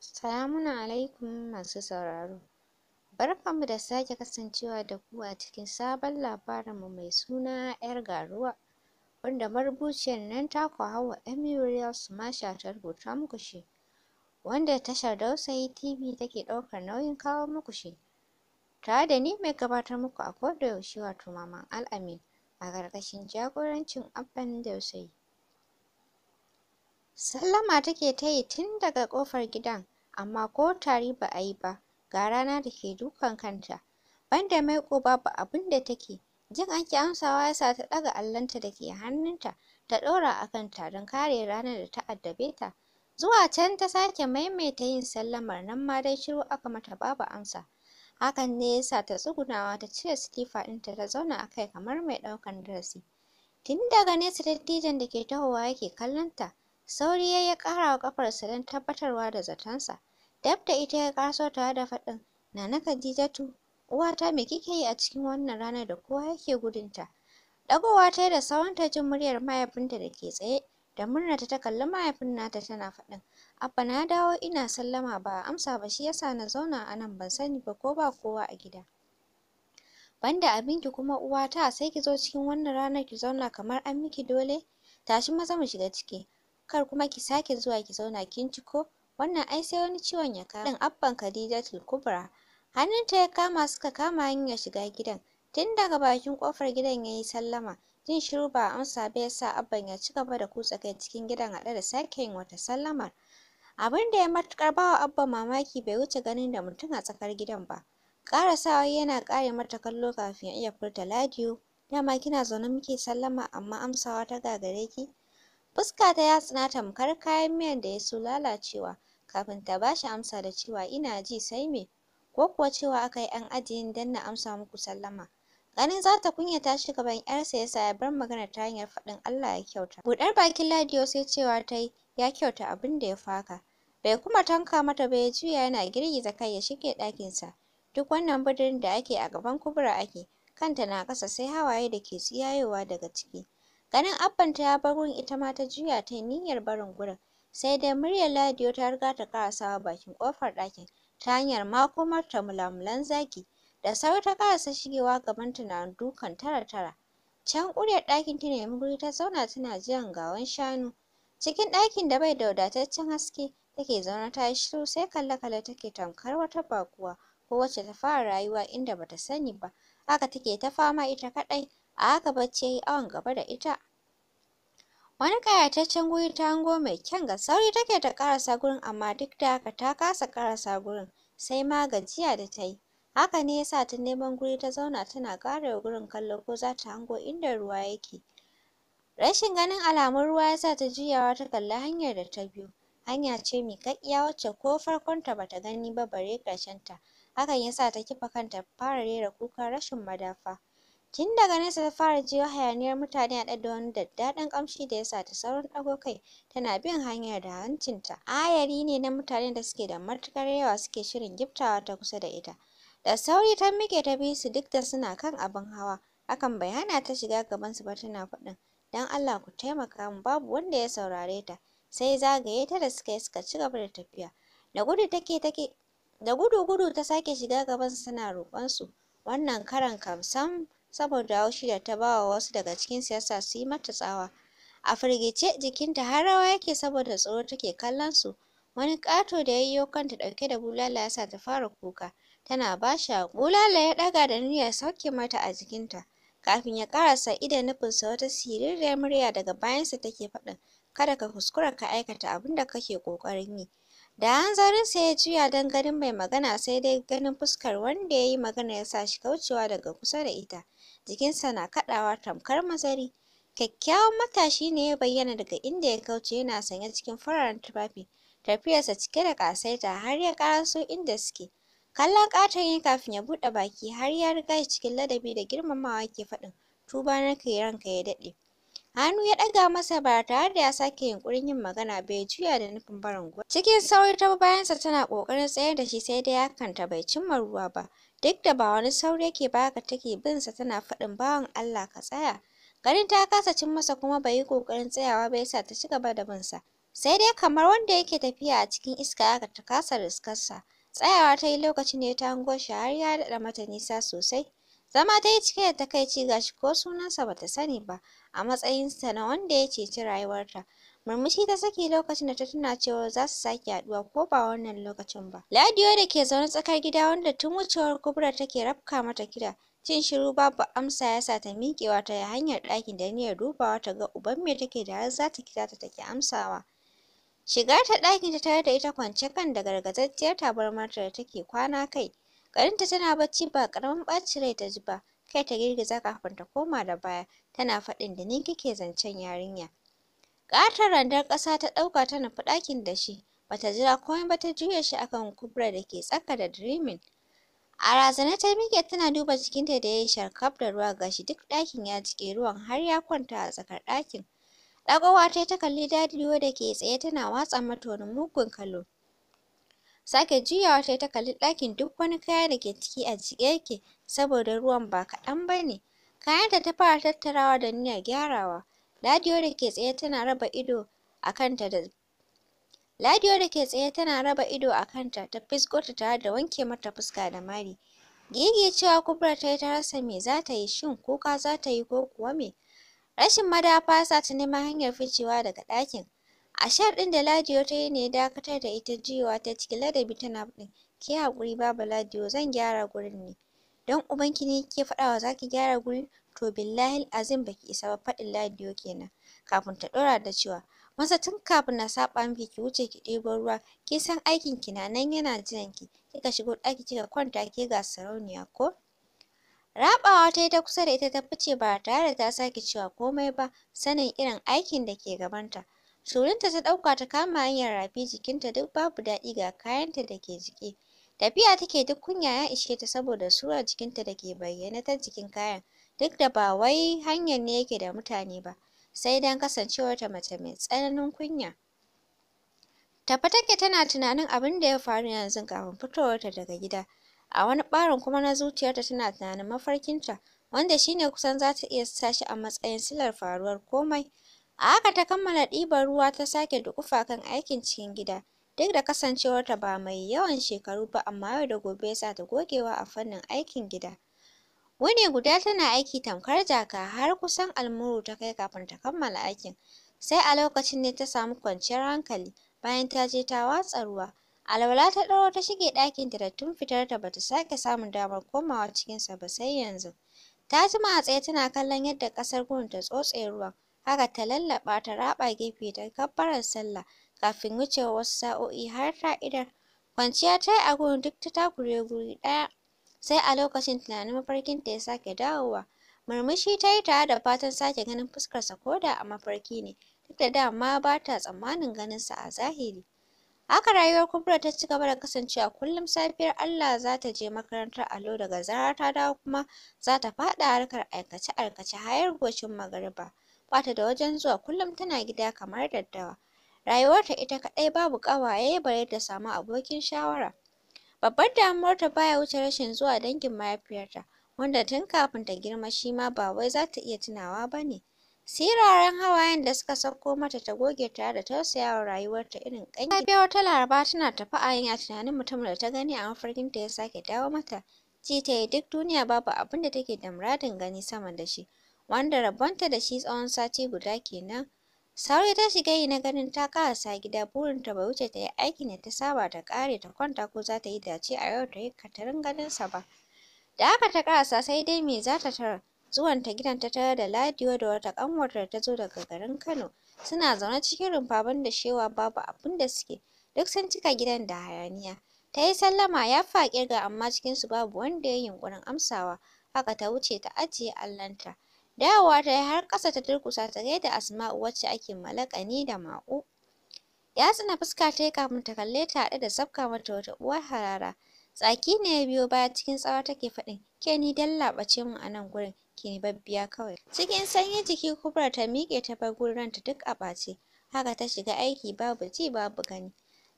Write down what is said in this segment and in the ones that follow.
Salamun alaikum masu sauraro. Barkanmu da sake kasancewa da ku a cikin sabon labarinmu mai suna 'yar garuwa wanda marubuciyar nan ta taku Hauwa 'yan Muriels ta rubuta muku shi wanda tashar Dausayi TV take ɗaukar nauyin kawo muku shi. Tare da ni mai gabatar muku a kodayaushe wato Maman Al'amin a ƙarƙashin jagorancin Abban Dausayi. Sallama take ta yi tun daga ƙofar gidan amma ko tari ba a yi ba ga rana da ke dukan kanta banda maiƙo babu abin da take jin an ƙi amsawa ya sa ta ɗaga allonta da ke hannunta ta ɗora a kanta don kare ranar da ta addabe ta zuwa can ta sake maimaita yin sallamar nan ma dai shiru aka mata babu amsa hakan ne ya sa ta tsugunawa ta cire sitifa ɗinta ta zauna a kai kamar mai ɗaukan darasi tun daga nesa dattijon da ke tahowa yake kallon ta sauri ya yi ƙafarsa don tabbatarwa da zatonsa Dab ita ya kaso tare da faɗin, Nana Khadijatu, uwata me kike yi a cikin wannan ranar da kowa yake gudunta? Dagowa ta yi da ta jin muryar mahaifinta da ke tsaye, da murnata ta kalli mahaifin nata tana faɗin, Abba na dawo ina sallama ba a amsa ba shi yasa na zauna a nan ban sani ba ko ba kowa a gida. Banda abinki kuma uwata sai ki zo cikin wannan ranar ki zauna kamar an miki dole? Tashi maza mu shiga ciki, kar kuma ki sake zuwa ki zauna kin ci ko? wannan ai sai wani ciwon ya kama abban Khadijatul Kubra hannunta ya kama suka kama hanyar shiga gidan tun daga bakin kofar gidan ya yi sallama jin shiru ba a amsa ba yasa abban ya ci gaba da kutsa kai cikin gidan haɗe da sake yin wata sallamar abin da ya matuƙar wa abban mamaki bai wuce ganin da mutum a tsakar gidan ba sawa yana kare mata kallo kafin ya iya furta ladiyo Yama kina zaune muke sallama amma amsawa ta gagare ki fuska ta ya tsina tamkar kayan miyan da ya so lalacewa kafin ta ba shi amsa da cewa ina ji sai me ko kuwa cewa aka yi an ajiye ni don na amsa muku sallama ganin za ta kunyata shi gaban yarsa yasa ya bar magana ta hanyar faɗin Allah ya kyauta buɗar bakin Ladiyo sai cewa ta yi ya kyauta abin da ya faka bai kuma tanka mata ba ya juya yana girgiza kai ya shige ɗakinsa duk wannan budurin da ake a gaban kubura ake kanta na ƙasa sai hawaye da ke tsiyayowa daga ciki ganin Abban ta ya bar wurin ita ma ta juya ta yi niyyar barin gurin sai dai muryar Ladiyo ta riga ta karasawa bakin kofar ɗakin ta hanyar makomar ta mulamulan zaki da sauri ta karasa shigewa gaban tunanin dukan tara-tara can ƙuryar ɗakin ta nemi guri ta zauna tana jiran gawan shanu cikin ɗakin da bai da wadataccen haske take zaune ta yi shiru sai kalle-kalle take tamkar wata bakuwa, ko wacce ta fara rayuwa inda bata sani ba haka take ta fama ita kaɗai a haka bacci ya yi awon gaba da ita wani ƙayataccen guri ta hango mai kyan ga sauri take ta ƙarasa gurin amma duk da haka ta kasa ƙarasa gurin sai ma gajiya da ta yi haka ne ya sa ta neman guri ta zauna tana ƙara gurin kallo ko za ta hango inda ruwa yake rashin ganin alamun ruwa ya sa ta juyawa ta kalli hanyar da ta biyo hanya ce mai miƙaƙƙiya wacce ko farkonta ba ta gani ba bare ƙarshenta hakan ya sa ta kifa kanta fara rera kukan rashin madafa Tun daga nesa ta fara jiyo hayaniyar mutane a da wani daddaɗan ƙamshi da ya sa ta saurin ɗago kai tana bin hanyar da hancinta. Ayari ne na mutanen da suke da matuƙar yawa suke shirin giftawa ta kusa da ita. Da sauri ta miƙe ta bi su duk da suna kan abin hawa. Hakan bai hana ta shiga gabansu ba tana faɗin, don Allah ku taimaka mu babu wanda ya saurare ta. Sai zagaye ta da suka yi suka ci gaba da tafiya. Da gudu take take da gudu gudu ta sake shiga gabansu tana roƙonsu, wannan karan kam sam saboda haushi da ta bawa wasu daga cikin siyasa su yi mata tsawa a firgice jikinta har rawa yake saboda tsoro take kallon su wani ƙato da yiwo kanta ɗauke da bulala ya sa ta fara kuka tana ba shi bulala ya ɗaga da niyyar sauke mata a jikinta kafin ya ƙarasa nufin nufinsa wata siririyar murya daga bayansa take faɗin kada ka kuskura ka aikata abin da kake ƙoƙarin yi Da sa ya juya don ganin mai magana sai dai ganin fuskar wanda ya yi magana ya sa shi kaucewa daga kusa da ita. Jikinsa na kaɗawa tamkar mazari. Kyakkyawan matashi ne ya bayyana daga inda ya kauce yana sanye cikin fararen tufafi. Tafiyarsa cike da ƙasaita har ya ƙaraso inda suke. Kallon ƙaton ya kafin ya buɗe baki har ya riga shi cikin ladabi da girmamawa ke faɗin tuba kai ranka ya daɗe. Hannu ya ɗaga masa ba tare da ya sake yunƙurin yin magana ba ya juya da nufin barin gurin. Cikin sauri ta bayansa tana ƙoƙarin tsayar da shi sai dai hakanta bai cimma ruwa ba. Duk da ba wani sauri yake ba haka take bin sa tana faɗin bawan Allah ka tsaya. garin ta kasa cin masa kuma bai yi ƙoƙarin tsayawa ba yasa ta ci gaba da binsa. Sai dai kamar wanda yake tafiya a cikin iska haka ta kasa riskarsa. Tsayawa ta yi lokacin ne ta hango shi har ya daɗa mata nisa sosai. Zama ta yi cike da takaici shi ko sunansa bata sani ba a matsayinsa na wanda ya ceci rayuwarta. Murmushi ta saki lokacin da ta tuna cewa za su sake haɗuwa ko ba wannan lokacin ba. Ladiyo da ke zaune tsakar gida wanda tun wucewar kubura take rafka mata kira. cin shiru babu amsa ya sa ta miƙewa ta hanyar ɗakin da niyyar dubawa ta ga uban me take da har za ta kira ta take amsawa. Shiga ta ɗakin ta tare da ita kwance kan da gargajajjiyar tabarmarta da take kwana kai. Garinta tana bacci ba ƙaramin ɓacin rai ta ji ba, kai ta girgiza kafin ta koma da baya, tana faɗin da ni kike zancen yarinya. Ƙatar randar ƙasa ta ɗauka ta nufi ɗakin da shi, bata jira komai ba ta juya shi akan kubra da ke tsaka da dirimin. A razana ta miƙe tana duba jikinta da ya yi sharkaf da ruwa ga shi duk ɗakin ya jiƙe ruwan har ya kwanta a tsakar ɗakin. Ɗagowa ta ta kalli dadiyo da ke tsaye tana watsa mata wani mugun kallo. sake juyawa yi ta kalli ɗakin duk wani kaya da ke ciki a jiƙe yake saboda ruwan ba kaɗan bane kayanta ta fara tattarawa da niyyar gyarawa Ladiyo da ke tsaye tana raba ido a kanta da Ladiyo da tsaye tana raba ido a ta fisgota tare da wanke mata fuska da mari Gigi cewa Kubra tayi ta rasa me zata yi shin kuka zatayi yi ko kuwa me rashin madafa yasa ta neman hanyar ficewa daga ɗakin a shar ɗin da Ladiyo ta yi ne dakatar da ita jiwa ta cikin ladabi tana faɗin, ki haƙuri babu Ladiyo zan gyara gurin ne. Don ubanki ne ke faɗawa za ki gyara guri To billahi azim baki isa ba faɗin Ladiyo kenan. Kafin ta ɗora da cewa, masa tun kafin na saba miki ki wuce ki ɗebo ruwa, kisan san aikin ki na nan yana jiran ki, kika shigo ɗaki kika kwanta ke ga sarauniya ko? Raɓawa ta yi ta kusa da ita ta fice ba tare da ta sake cewa komai ba, sanin irin aikin da ke gabanta. Surinta ta ɗauka ta kama hanyar rafi jikinta duk babu daɗi ga kayanta da ke jiki. Tafiya take duk kunya ya ishe ta saboda sura jikinta da ke bayyana ta jikin kayan duk da ba wai hanyar ne yake da mutane ba sai don kasancewarta mace mai tsananin kunya. Tafi take tana tunanin abin da ya faru yanzu kafin fitowarta daga gida. A wani ɓarin kuma na zuciyarta tana tunanin mafarkinta wanda shine kusan za ta iya sa shi a matsayin silar faruwar komai. A haka ta kammala ɗiban ruwa ta sake duƙufa kan aikin cikin gida. Duk da kasancewarta ba mai yawan shekaru ba amma yau da gobe ya sa ta gogewa a fannin aikin gida. Wuni guda tana aiki tamkar jaka har kusan almuru ta kai kafin ta kammala aikin. Sai a lokacin ne ta samu kwanciyar hankali bayan ta je ta watsa ruwa. Alwala ta ɗauro ta shige ɗakinta da tun fitarta ba ta sake samun damar komawa cikinsa ba sai yanzu. Ta jima a tsaye tana kallon yadda ƙasar gurin ta tsotse ruwan. haka ta lallaɓa ta raɓa gefe ta kabbarar sallah kafin wucewar wasu sa'o'i har ta idar. Kwanciya ta yi a duk ta takure guri ɗaya sai a lokacin tunanin mafarkin ta ya sake dawowa. Murmushi ta yi tare da fatan sake ganin fuskarsa ko da a mafarki ne, duk da dama ba ta tsammanin sa a zahiri. Haka rayuwar Kubura ta ci gaba da kasancewa kullum safiyar Allah za ta je makarantar allo daga zarar ta dawo kuma za ta faɗa harkar aikace-aikace har gocin magariba. bata da wajen zuwa kullum tana gida kamar daddawa rayuwarta ita kaɗai babu ƙawaye bare ta samu abokin shawara babbar ta baya wuce rashin zuwa dangin mahaifiyarta wanda tun kafin ta girma shi ma ba wai za iya tunawa ba ne siraran hawayen da suka sauko mata ta goge tare da tausayawa rayuwarta irin ta biya wata laraba tana tafi a yin tunanin mutumin da ta gani a mafarkinta ya sake dawo mata ji ta yi duk duniya babu abin da take da muradin gani sama da shi wanda rabonta da shi tsawon sati guda kenan. Sauri ta shiga yi na ganin ta karasa gida burinta bai wuce ta yi aikin da ta saba ta kare ta kwanta ko za ta yi dace a yau ta yi katarin ganinsa ba. Da haka ta karasa sai dai me za ta tara zuwanta gidan ta tara da Ladiyo da wata ƙanwarta da ta zo daga garin Kano. Suna zaune cikin rumfa da shewa babu abin da suke duk sun cika gidan da hayaniya. Ta yi sallama ya faƙirga ga amma cikinsu babu wanda ya yi yunƙurin amsawa haka ta wuce ta ajiye allonta. Dawowa ta yi har ƙasa ta durƙusa ta da Asma'u wacce ake malakani da Ma'u. Ya tsina fuska ta yi kafin ta kalle ta haɗe da sabka mata wata uwar harara. Tsaki ne ya biyo baya cikin tsawa take faɗin, ke ni dan laɓace mun a nan gurin, ke ni babbiya kawai. Cikin sanyi jiki Kubra ta miƙe ta bar gurin ranta duk a ɓace, haka ta shiga aiki babu ji babu gani.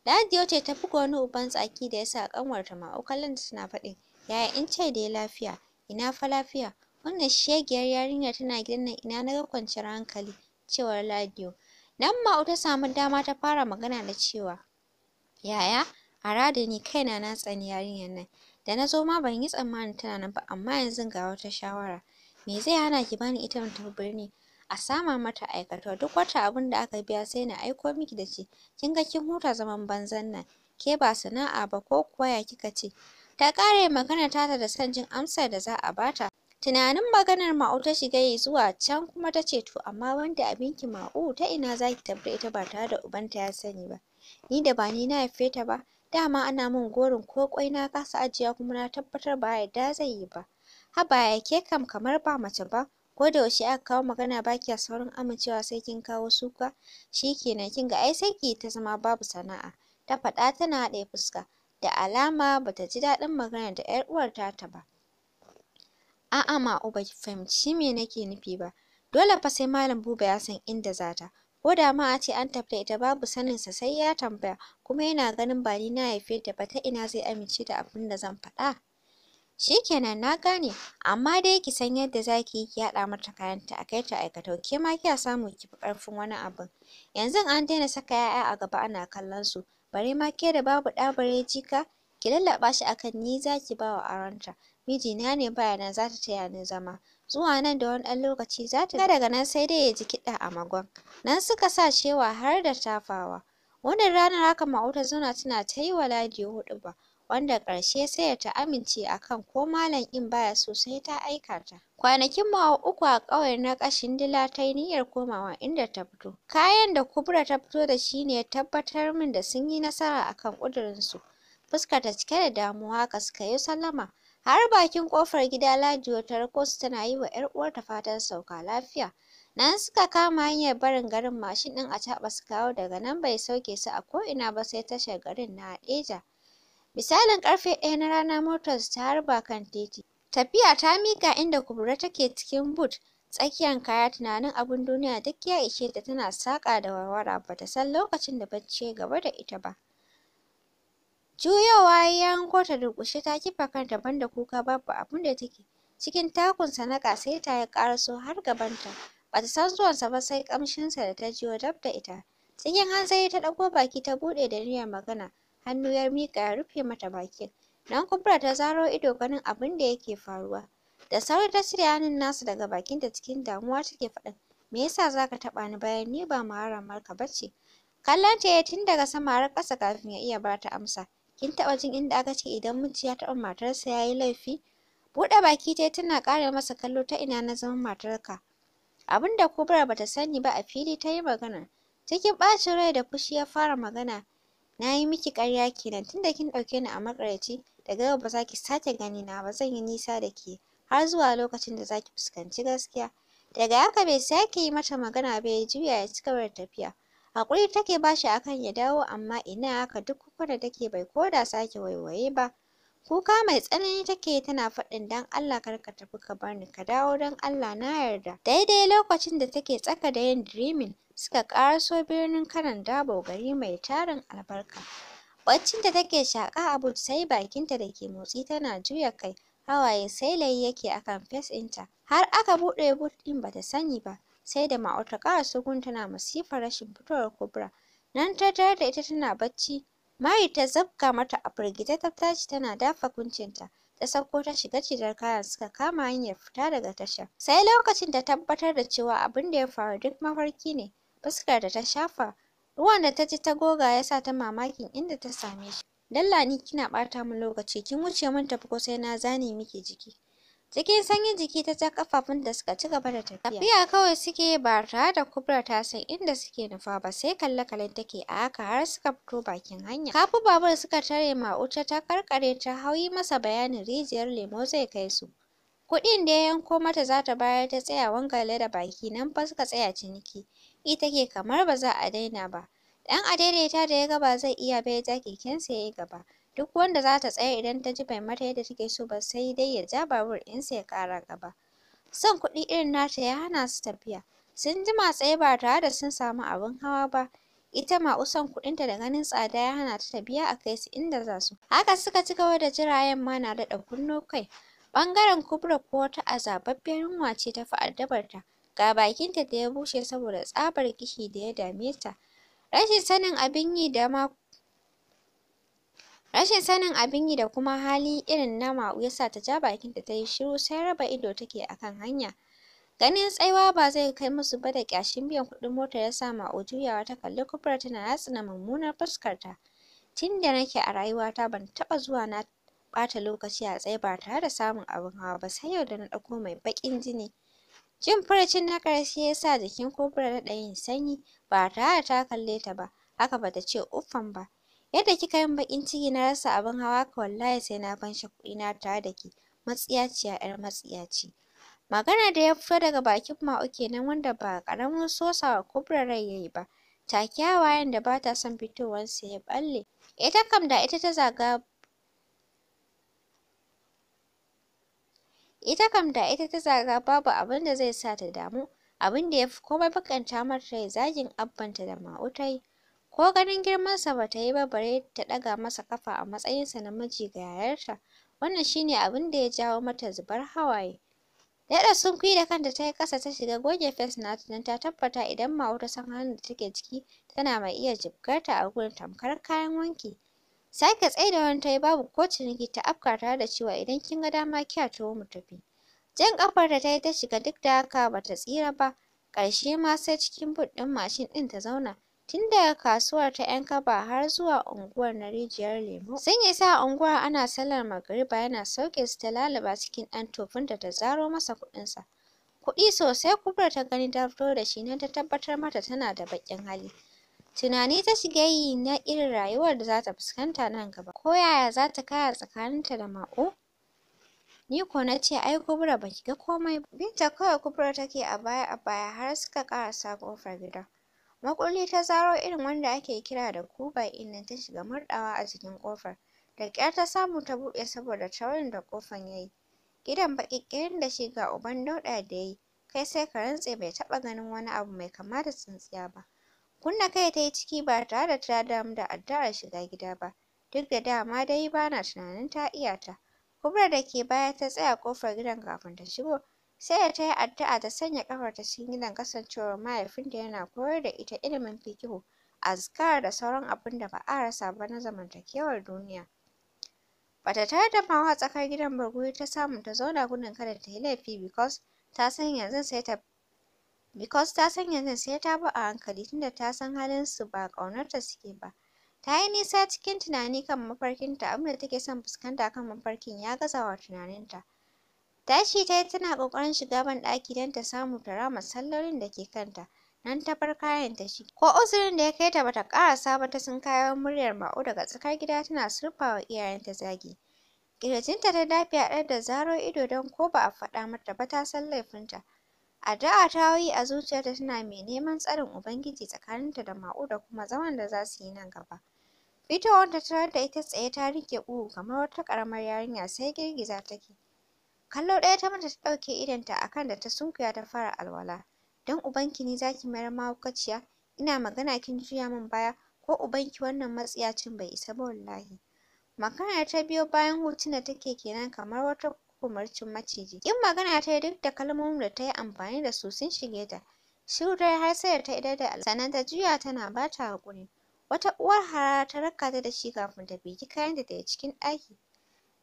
Ladiyo ce ta buga wani uban tsaki da ya sa ƙanwarta Ma'u kallon tana faɗin, yaya in ce da ya lafiya, ina fa lafiya. Wannan shegiyar yarinya tana gidan nan ina na kwanciyar hankali, cewar Ladiyo. Nan Ma'u ta samu dama ta fara magana da cewa, Yaya, a radini kaina na tsani yarinyar nan. Da na zo ma ban yi tsammanin tana nan ba, amma yanzu ga wata shawara. Me zai hana ki bani ita mun tafi birni? A sama mata aikatau, duk wata abin da aka biya sai na aiko miki da shi. Kin ga kin huta zaman banzan nan, ke ba sana'a ba ko kuwa ya kika ce? Ta ƙare magana tata da son jin amsar da za a bata. Tunanin maganar Ma'u ta shiga yi zuwa can kuma ta ce to amma wanda abinki Ma'u ta ina za ki tafi ita ba tare da ubanta ya sani ba. Ni da ba ni na haife ta ba, dama ana min gorin ko kwai na kasa ajiya kuma na tabbatar ba yadda zai yi ba. Haba ya ke kam kamar ba mace ba, ko da yaushe aka kawo magana ba kya saurin amincewa sai kin kawo suka, shi kenan kin ga ai sai ki ta zama babu sana'a. Ta faɗa tana haɗe fuska, da alama bata ji daɗin magana da ƴar uwar ta ba. A'a ma uba oh, ki fahimci me nake nufi ba. Dole fa sai Malam Buba ya san inda za ta. Ko da ma a ce an tafi da ita babu sanin sa sai ya tambaya, kuma yana ganin ba ni na haife ta ba ta ina zai amince da abin da zan faɗa. Shikenan na gane, amma dai ki san yadda zaki yi ki haɗa mata kayanta a kai ta aikatau, ke ma kiya samu ki fi ƙarfin wani abin. Yanzu an daina saka 'ya'ya a gaba ana kallon su, bare ma ke da babu ɗa bare jika, ki lallaɓa shi akan ni zaki ki ba wa aronta. mijina ne bayana zata za ta taya ni zama zuwa nan da wani ɗan lokaci za ta daga nan sai dai ya ji kiɗa a magon nan suka sa cewa har da tafawa wannan ranar haka ma'auta zauna tana ta yi wa ladi hudu ba wanda ƙarshe sai ya ta amince akan ko malam in baya so sai ta aika ta kwanakin ma uku a ƙauyen na ƙashin dila ta yi niyyar komawa inda ta fito kayan da kubura ta fito da shi ne ya tabbatar min da sun yi nasara akan ƙudurinsu fuska ta cike da damuwa haka suka yi sallama Har bakin kofar gida Ladiyo ta rakosu tana yi wa 'yar uwarta fatan sauka lafiya. Nan suka kama hanyar barin garin mashin ɗin acaɓa su kawo daga nan bai sauke su a ko'ina ba sai tashar garin na Haɗeja. Misalin karfe ɗaya na rana motar ta harba kan titi. Tafiya ta mika inda kubura take cikin but tsakiyar kaya tunanin abin duniya duk ya ishe ta tana saƙa da warwara ba ta san lokacin da bacci ya gaba da ita ba. Juyowa ya yanko ta durƙushe ta kifa kanta da kuka babu abunda da take. Cikin takunsa na ta ya ƙaraso har gaban gabanta. Bata san zuwansa ba sai ƙamshinsa da ta jiyo dab da ita. Cikin hanzari ta ɗago baki ta buɗe da niyyar magana. Hannu ya miƙa ya rufe mata baki. Nan kuma ta zaro ido ganin abunda da yake faruwa. Da sauri ta cire hannun nasa daga bakinta cikin damuwa take faɗin. Me yasa zaka taɓa ni bayan ni ba maharamarka bace? Kallon ta yayi tun daga sama har ƙasa kafin ya iya bata amsa. kin taba jin inda aka ce idan miji ya taba matarsa ya yi laifi buɗe baki tai tana kare masa kallo ta ina na zaman matarka abinda kubra bata sani ba a fili ta yi magana cikin ɓacin rai da fushi ya fara magana na yi miki ƙarya kenan tunda kin ɗauke ni a maƙaryaci daga yau ba za ki sake gani na ba zan yi nisa da ke har zuwa lokacin da za ki fuskanci gaskiya daga haka bai sake yi mata magana ba ya juya ya ci gaba da tafiya Haƙuri take ba shi akan ya dawo amma ina haka duk kuka da take bai koda sake waiwaye ba. Kuka mai tsanani take tana faɗin don Allah kar ka tafi ka bar ni ka dawo don Allah na yarda. Daidai lokacin da take tsaka da yin dreaming suka ƙaraso birnin kanan dabo gari mai tarin albarka. Baccin da take shaƙa a sai bakinta da ke motsi tana juya kai hawaye sai layi yake akan fes ɗinta har aka buɗe but ɗin bata sani ba. sai da ma'aur ta ƙaraso tana masifar rashin fitowar kubura nan ta tarar da ita tana bacci mari ta zabga mata a firgice ta tashi tana dafa kuncinta ta sauko ta shiga cidar kayan suka kama hanyar fita daga tasha. sai lokacin ta tabbatar da cewa abin da ya faru duk mafarki ne fuskar da ta shafa ruwan da ta ji ta goga ya sa ta mamakin inda ta same shi dalla ni kina ɓata min lokaci kin wuce mun tafi ko sai na zane miki jiki Cikin sanyin jiki ta ja kafafun da suka ci gaba da tafiya. Tafiya kawai suke ba tare da Kubra ta san inda suke nufa ba sai kalle kalle take a haka har suka fito bakin hanya. Kafin babur suka tare ma uce ta karkare ta hau masa bayanin rijiyar lemo zai kai su. Kuɗin da ya yanko mata za ta bayar ta tsaya wangale da baki nan fa suka tsaya ciniki. Ita ke kamar ba za a daina ba. Dan adaidaita da ya ga ba zai iya bai ya ja kekensa ya yi gaba. duk wanda za ta tsaya idan ta ji bai mata yadda take so ba sai dai ya ja babur in ɗinsa ya kara gaba son kuɗi irin nata ya hana su tafiya sun jima tsaye ba tare da sun samu abin hawa ba ita ma usan kuɗinta da ganin tsada ya hana ta biya a kai su inda za su haka suka ci gaba da jira yamma na daɗa kunno kai ɓangaren kubra kuwa wata azababbiyar yunwa ce ta fi addabar ga bakinta da ya bushe saboda tsabar kishi da ya dame ta rashin sanin abin yi da ma Rashin sanin abin yi da kuma hali irin na Ma'u ya sa ta ja bakinta ta yi shiru sai raba ido take a kan hanya. Ganin tsaiwa ba zai kai musu ba da ƙyashin biyan kuɗin mota ya sa Ma'u juyawa ta kalli kubura tana yatsuna mummunar fuskarta. Tun da nake a rayuwata ban taɓa zuwa na ɓata lokaci a tsaye ba tare da samun abin hawa ba sai yau da na ɗauko mai baƙin jini. Jin furucin na ƙarshe ya sa jikin Kubra ɗan yi sanyi ba tare da ta kalle ta ba, haka ba ta ce uffam ba. Yadda kika yin baƙin ciki na rasa abin hawa ka wallahi sai na kuɗi na tare da ke. Matsiyaciya 'yar matsiyaci. Maganar da ya fito daga bakin mao kenan wanda ba ƙaramin sosawa Kubra rai yayi ba. Take hawayen da ba ta fitowar sa ya ɓalle. Ita kam da ita ta zaga ita kam da ita ta zaga babu abin da zai sa ta damu. abinda da ya fi komai baƙanta mata rai zagin abbanta da Ma'u ta Ko ganin girmansa ba ta yi ba bare ta ɗaga masa ƙafa a matsayinsa na miji ga yayarta. Wannan shi ne abin da ya jawo mata zubar hawaye. Daɗa sunkuyi da kanta ta yi ƙasa ta shiga goge fes nata don ta tabbata idan ma wata san halin da take ciki tana mai iya jibgarta a gurin tamkar kayan wanki. Sake tsaida wani ta babu ko ciniki ta afkata da cewa idan kin ga dama kya to mu tafi. Jan ƙafar da ta yi ta shiga duk da haka ba ta tsira ba. Ƙarshe ma sai cikin but ɗin mashin ɗin ta zauna tun daga kasuwar ta 'yan kaba har zuwa unguwar na rijiyar lemo sun isa a unguwar ana sallar magariba yana sauke su ta lalaba cikin ɗan tofin da ta zaro masa kuɗinsa kuɗi sosai kubra ta gani ta fito da shi nan ta tabbatar mata tana da baƙin hali tunani ta shiga yi na irin rayuwar da za ta fuskanta nan gaba ko yaya za ta kaya tsakaninta da maƙo ni ko na ce ai kubra ba ki ga komai ba binta kawai kubra take a baya a baya har suka ƙarasa ƙofar gida. Makulli ta zaro irin wanda ake kira da kuba ɗinnan ta shiga murɗawa a jikin ƙofar. Da ƙyar ta samu ta buɗe saboda taurin da ƙofan ya yi. Gidan baƙi ƙirin da shi ga uban dauɗa da ya yi, kai sai ka rantse bai taɓa ganin wani abu mai kama da tsintsiya ba. Kunna kai ta yi ciki ba tare da ta damu da addu'ar shiga gida ba, duk da dama dai bana tunanin ta iya ta. Kubra da ke baya ta tsaya ƙofar gidan kafin ta shigo, sai da ta addu'a ta sanya ƙafarta cikin gidan kasancewar mahaifinta yana koyar da ita ilimin fiqihu azkar da sauran abun da ba a rasa ba na zamantakewar duniya bata tayar da mawa tsakar gidan ba guri ta samu ta zauna gudun kada ta yi laifi because ta san yanzu sai ta because ta san sai ta bi a hankali tunda ta san halin su ba ƙaunarta suke ba ta yi nisa cikin tunani kan mafarkinta abinda take son fuskanta kan mafarkin ya gazawa tunaninta Tashi ta yi tana ƙoƙarin shiga banɗaki don ta samu ta rama sallolin da ke kanta. Nan ta bar kayan ta shi. Ko uzurin da ya kai ta bata ƙara ba ta sun sunkayo muryar Ma'u daga tsakar gida tana surfawa iyayenta zagi. Ƙirjinta ta dafe ɗan da zaro ido don ko ba a faɗa mata ba ta san laifinta. Addu'a ta yi a zuciyarta tana mai neman tsarin Ubangiji tsakaninta da Ma'u da kuma zaman da za su yi nan gaba. Fitowar ta tarar da ita tsaye ta riƙe ƙugu kamar wata ƙaramar yarinya sai girgiza take. kallo ɗaya ta mata ta ɗauke idonta a kan da ta sunkuya ta fara alwala don ubanki ne zaki mayar mahaukaciya ina magana kin juya min baya ko ubanki wannan matsiyacin bai isa ba wallahi maganar ta biyo bayan hotuna da take kenan kamar wata kumarcin maciji kin magana ta duk da kalmomin da ta yi amfani da su sun shige ta shiru dai har sai ta idar da sannan ta juya tana ba ta haƙuri wata uwar harara ta rakata da shi kafin ta bigi kayan da ta cikin ɗaki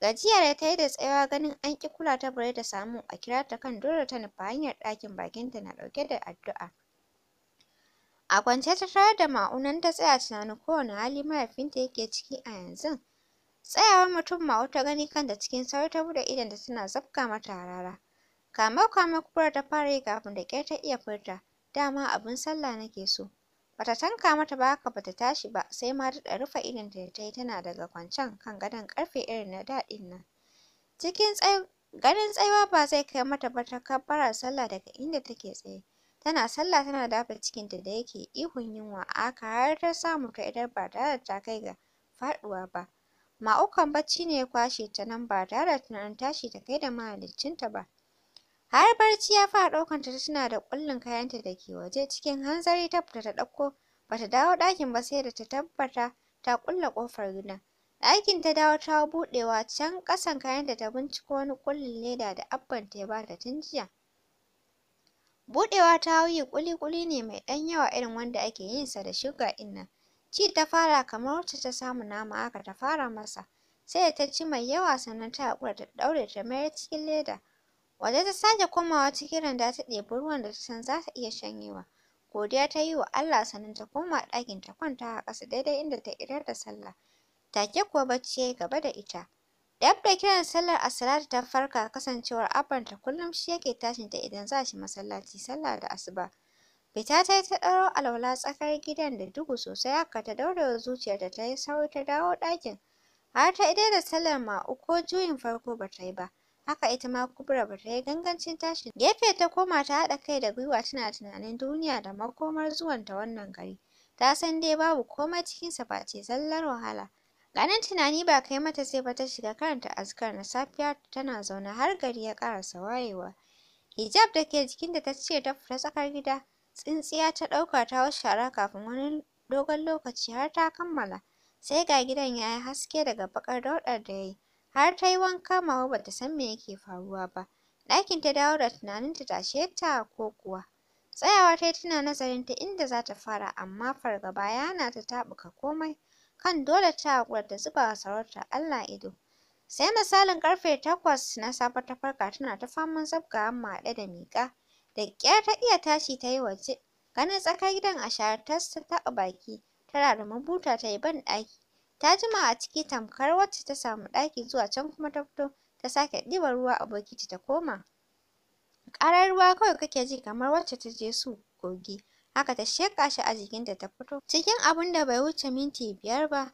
Gajiya da ta yi da tsayawa ganin an ƙi kula ta bare da samu a kira ta kan dole ta nufa hanyar ɗakin bakinta na ɗauke da addu'a. A kwance ta tarar da ma'aunan ta tsaya tunanin kowane hali mahaifinta yake ciki a yanzu. Tsayawar mutum ma wata gani kanta cikin sauri ta buɗe idonta tana zafka mata harara. Kame-kame kurar ta fara yi kafin da ƙyar ta iya furta, dama abin sallah nake so. Bata tanka mata ba haka bata tashi ba sai ma daɗa rufe idonta da tayi tana daga kwancen kan gadon karfe irin na da nan. Cikin tsai ganin tsayuwa ba zai kai mata ba ta kabbara sallah daga inda take tsaye. Tana sallah tana dafa ta da yake ihun yunwa a har ta samu ta idar ba tare da ta kai ga faɗuwa ba. Ma'aukan bacci ne ya kwashe ta nan ba tare da tunanin tashi ta kai da mahaliccinta ba. Har barci ya fara ɗaukanta ta tana da ƙullin kayanta da ke waje cikin hanzari ta fita ta ɗauko bata dawo ɗakin ba sai da ta tabbata ta ƙulla kofar gida Ɗakin ta dawo ta buɗewa can kasan kayanta ta binciko wani ƙullin leda da ta ya bata tun jiya. Buɗewa ta yi ƙuli-ƙuli ne mai ɗan yawa irin wanda ake yin sa da shuga inna Ci ta fara kamar wacce ta samu nama aka ta fara masa. Sai da ta ci mai yawa sannan ta haƙura ta ɗaure ta mayar cikin leda. Waje ta sake komawa cikin randa ta ɗebi ruwan da ta san za ta iya shanyewa. Godiya ta yi wa Allah sannan ta koma ɗakin ta kwanta a ƙasa daidai inda ta idar da sallah. Take kuwa bacci ya yi gaba da ita. Da da kiran sallar Asalatu ta farka kasancewar abbanta kullum shi yake tashin ta idan za shi masallaci sallah da asuba. Fita ta yi ta ɗauro alwala tsakar gidan da duhu sosai haka ta daure zuciyarta ta yi sauri ta dawo ɗakin. Har ta idar da sallar ma uku juyin farko ba ta yi ba. haka ita ma Kubra ba ta yi gangancin tashi gefe ta koma ta haɗa kai da gwiwa tana tunanin duniya da makomar zuwanta wannan gari ta san dai babu komai cikinsa face zallar wahala ganin tunani ba kai mata sai ba ta shiga karanta azkar na safiya tana zaune har gari ya ƙarasa wayewa hijab da ke jikin da ta ce ta fita tsakar gida tsintsiya ta ɗauka ta shara kafin wani dogon lokaci har ta kammala sai ga gidan ya yi haske daga baƙar dauɗar da ya yi har ta yi wanka mawa ba ta san me yake faruwa ba ɗakin ta dawo da tunanin ta ashe ta ko kuwa tsayawa ta yi tana nazarin ta inda za ta fara amma fargaba ya hana ta tabuka komai kan dole ta haƙura ta zuba wa sarauta Allah ido sai misalin ƙarfe takwas na safe ta farka tana ta faman zabga maɗe da miƙa da ƙyar ta iya tashi ta yi waje ganin tsakar gidan a share ta taɓa baki tara da mabuta ta yi ban ɗaki. Ta jima a ciki tamkar wacce ta samu ɗaki zuwa can kuma ta fito ta sake ɗiban ruwa a bokiti ta koma. Ƙarar ruwa kawai kake ji kamar wacce ta je su kogi. Haka ta sheƙa shi a jikinta ta fito. Cikin abun da bai wuce minti biyar ba,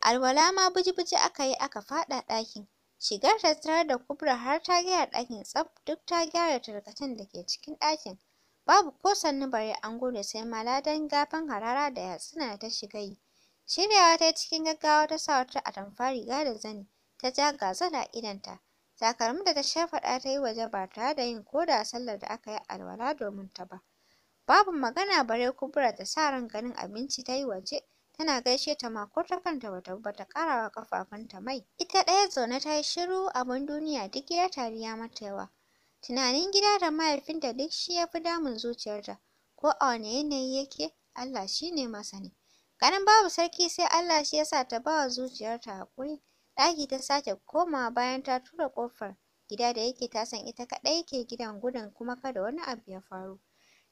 alwala ma buji-buji aka yi aka faɗa ɗakin. Shigar ta tarar da kubra har ta gyara ɗakin tsaf duk ta gyara tarkacen da ke cikin ɗakin. Babu ko sannu bare an gode sai ma ladan gafan harara da yatsuna ta shiga yi. Shiryawa ta cikin gaggawa ta sa wata atamfa riga da zani ta ja gazal a idonta. Takalmin da ta shafaɗa ta yi waje ba tare da yin ko da sallar da aka yi alwala domin ta ba. Babu magana bare kubura ta sa ran ganin abinci ta yi waje. tana gaishe ta ma ko ta kanta bata bata karawa kafafunta mai ita ɗaya zaune ta yi shiru abin duniya duk ya tariya mata yawa tunanin gida da mahaifinta duk shi ya fi damun zuciyarta ko a wane yanayi yake Allah shi ne masani Ganin babu sarki sai Allah shi yasa ta bawa zuciyarta haƙuri. Ɗaki ta sake komawa bayan ta tura ƙofar gida da yake ta san ita kaɗai ke gidan gudun kuma kada wani abu ya faru.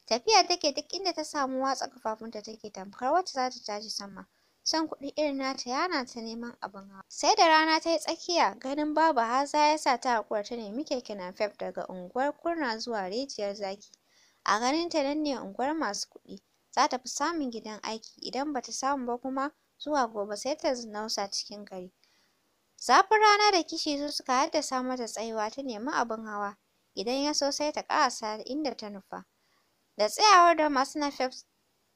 Tafiya take duk inda ta samu watsa ƙafafunta take tamkar wacce za ta tashi sama. Son kuɗi irin nata yana ta neman abin hawa. Sai da rana ta yi tsakiya, ganin babu haza ya sa ta haƙura ta nemi keke fef daga unguwar Kurna zuwa Rijiyar Zaki. A ganin ta nan ne unguwar masu kuɗi. za ta fi samun gidan aiki idan ba ta samu ba kuma zuwa gobe sai ta nausa cikin gari. Zafin rana da kishi su suka haddasa mata tsayuwa ta nemi abin hawa idan ya so sai ta ƙarasa inda ta nufa. Da tsayawar da masu nafef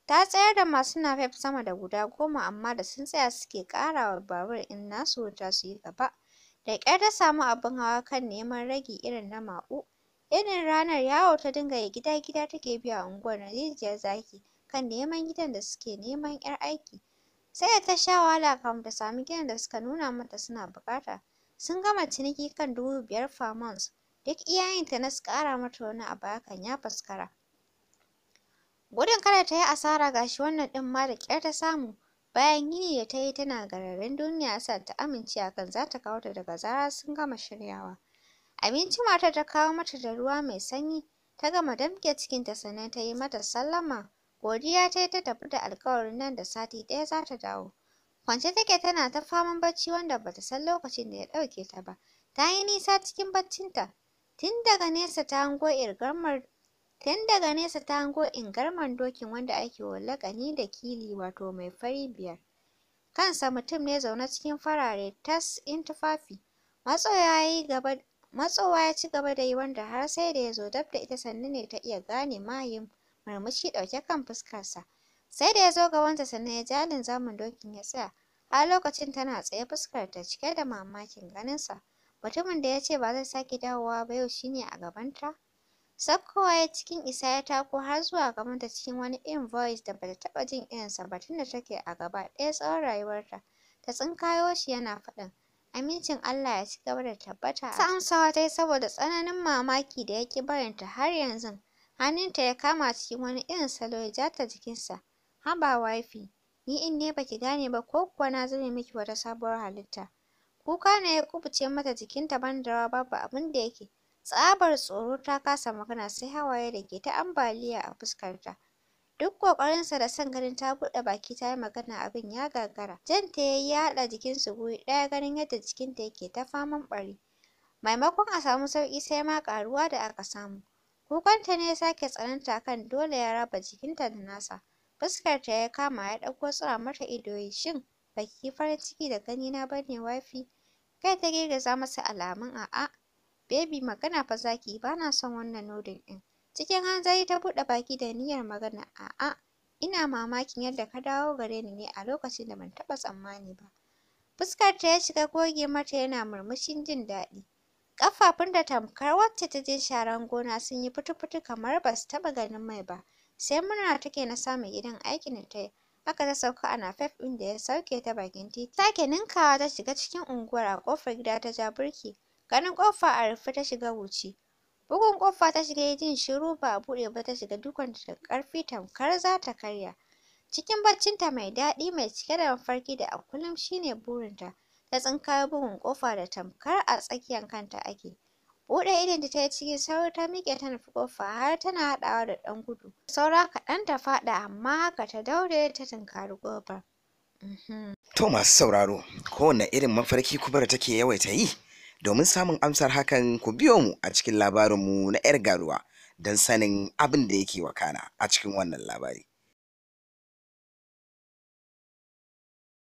ta tsayar da masu nafef sama da guda goma amma da sun tsaya suke ƙarawa babur in nasu wuta su yi gaba. Da ƙyar ta samu abin hawa kan neman ragi irin na maƙu. Irin ranar yawo ta dinga yi gida-gida take biya a unguwar rijiyar zaki kan neman gidan da suke neman 'yar aiki. Sai da ta sha wahala kafin ta sami gidan da suka nuna mata suna buƙata. Sun gama ciniki kan dubu biyar per month. Duk iyayenta na su ƙara mata wani abu hakan ya faskara. Gudun kada ta yi asara ga shi wannan ɗin ma da ƙyar ta samu. Bayan yini da ta yi tana gararin duniya sa ta amince akan za ta kawo ta daga zarar sun gama shiryawa. Abinci matar ta kawo mata da ruwa mai sanyi. Ta gama damƙe cikinta sannan ta yi mata sallama. Godiya ta ta tafi da alƙawarin nan da sati ɗaya za ta dawo. Kwance take tana ta faman bacci wanda ba ta san lokacin da ya ɗauke ta ba. Ta yi nisa cikin baccinta. Tun daga nesa ta hango irgarmar Tun daga nesa ta hango ingarman dokin wanda ake wallaka ni da kili wato mai fari biyar. Kansa mutum ne zaune cikin farare tas in tufafi. Matsowa ya ci gaba da yi wanda har sai da ya zo dab da ita sannu ne ta iya gane mayin murmushi ɗauke kan fuskarsa. Sai da ya zo gabanta sannan ya ja zamun dokin ya tsaya. A lokacin tana tsaye fuskarta cike da mamakin ganinsa. Mutumin da ya ce ba zai sake dawowa ba yau shi ne a gabanta. Sakkowa ya cikin isa ya tako har zuwa gabanta cikin wani invoice da bata taɓa jin irinsa ba tunda take a gaba ɗaya tsawon rayuwarta. Ta tsinkayo shi yana faɗin. Amincin Allah ya ci gaba da tabbata. Ta amsawa tai saboda tsananin mamaki da ya ki barinta har yanzu. hannunta ya kama cikin wani irin salo ya ja ta jikinsa haba wifi ni in ne baki gane ba ko kuwa na zame miki wata sabuwar halitta kuka ne ya kubuce mata jikinta ban da rawa babu abin da yake tsabar tsoro ta kasa magana sai hawaye da ke ta ambaliya a fuskarta duk ƙoƙarinsa da son ganin ta buɗe baki ta yi magana abin ya gagara jan ta ya yi ya haɗa jikinsu guri ɗaya ganin yadda jikinta yake ta faman ɓari maimakon a samu sauƙi sai ma ƙaruwa da aka samu Kukanta ne ya sake tsananta kan dole ya raba jikinta da nasa. Fuskarta ya kama ya ɗauko tsura mata ido shin baki yi farin ciki da ganina ba ne wifi? Kai ta girgiza masa alamun a'a. Baby magana fa za ki yi, ba na son wannan nodin ɗin. Cikin hanzari ta buɗe baki da niyyar magana a'a. Ina mamakin yadda ka dawo gare ni ne a lokacin da ban taɓa tsammani ba. Fuskarta ya shiga goge mata yana murmushin jin daɗi. Ƙafafun da tamkar wacce ta je sharan gona sun yi fitu-fitu kamar ba su taɓa ganin mai ba. Sai murna take na samun gidan aikin da ta yi. Haka ta sauka a fef ɗin da ya sauke ta bakin titi. Sake ninkawa ta shiga cikin unguwar a ƙofar gida ta ja burki. Ganin ƙofa a rufe ta shiga wuce. Bugun ƙofa ta shiga ya jin shiru ba a buɗe ba ta shiga dukonta da ƙarfi tamkar za ta karya. Cikin ta mai daɗi mai cike da mafarki da a kullum shi ne burinta. ta tsinkayo bugun ƙofa da tamkar a tsakiyar kanta ake. Buɗe da ta yi cikin sauri ta miƙe ta nufi kofa har tana haɗawa da ɗan gudu. Saura kaɗan ta faɗa amma haka ta daure ta tunkari ƙofar. Uhm. To masu sauraro, kowane irin mafarki kubar take yawaita yi? Domin samun amsar hakan ku biyo mu a cikin labarinmu na 'yar garuwa don sanin abin da yake wakana a cikin wannan labari.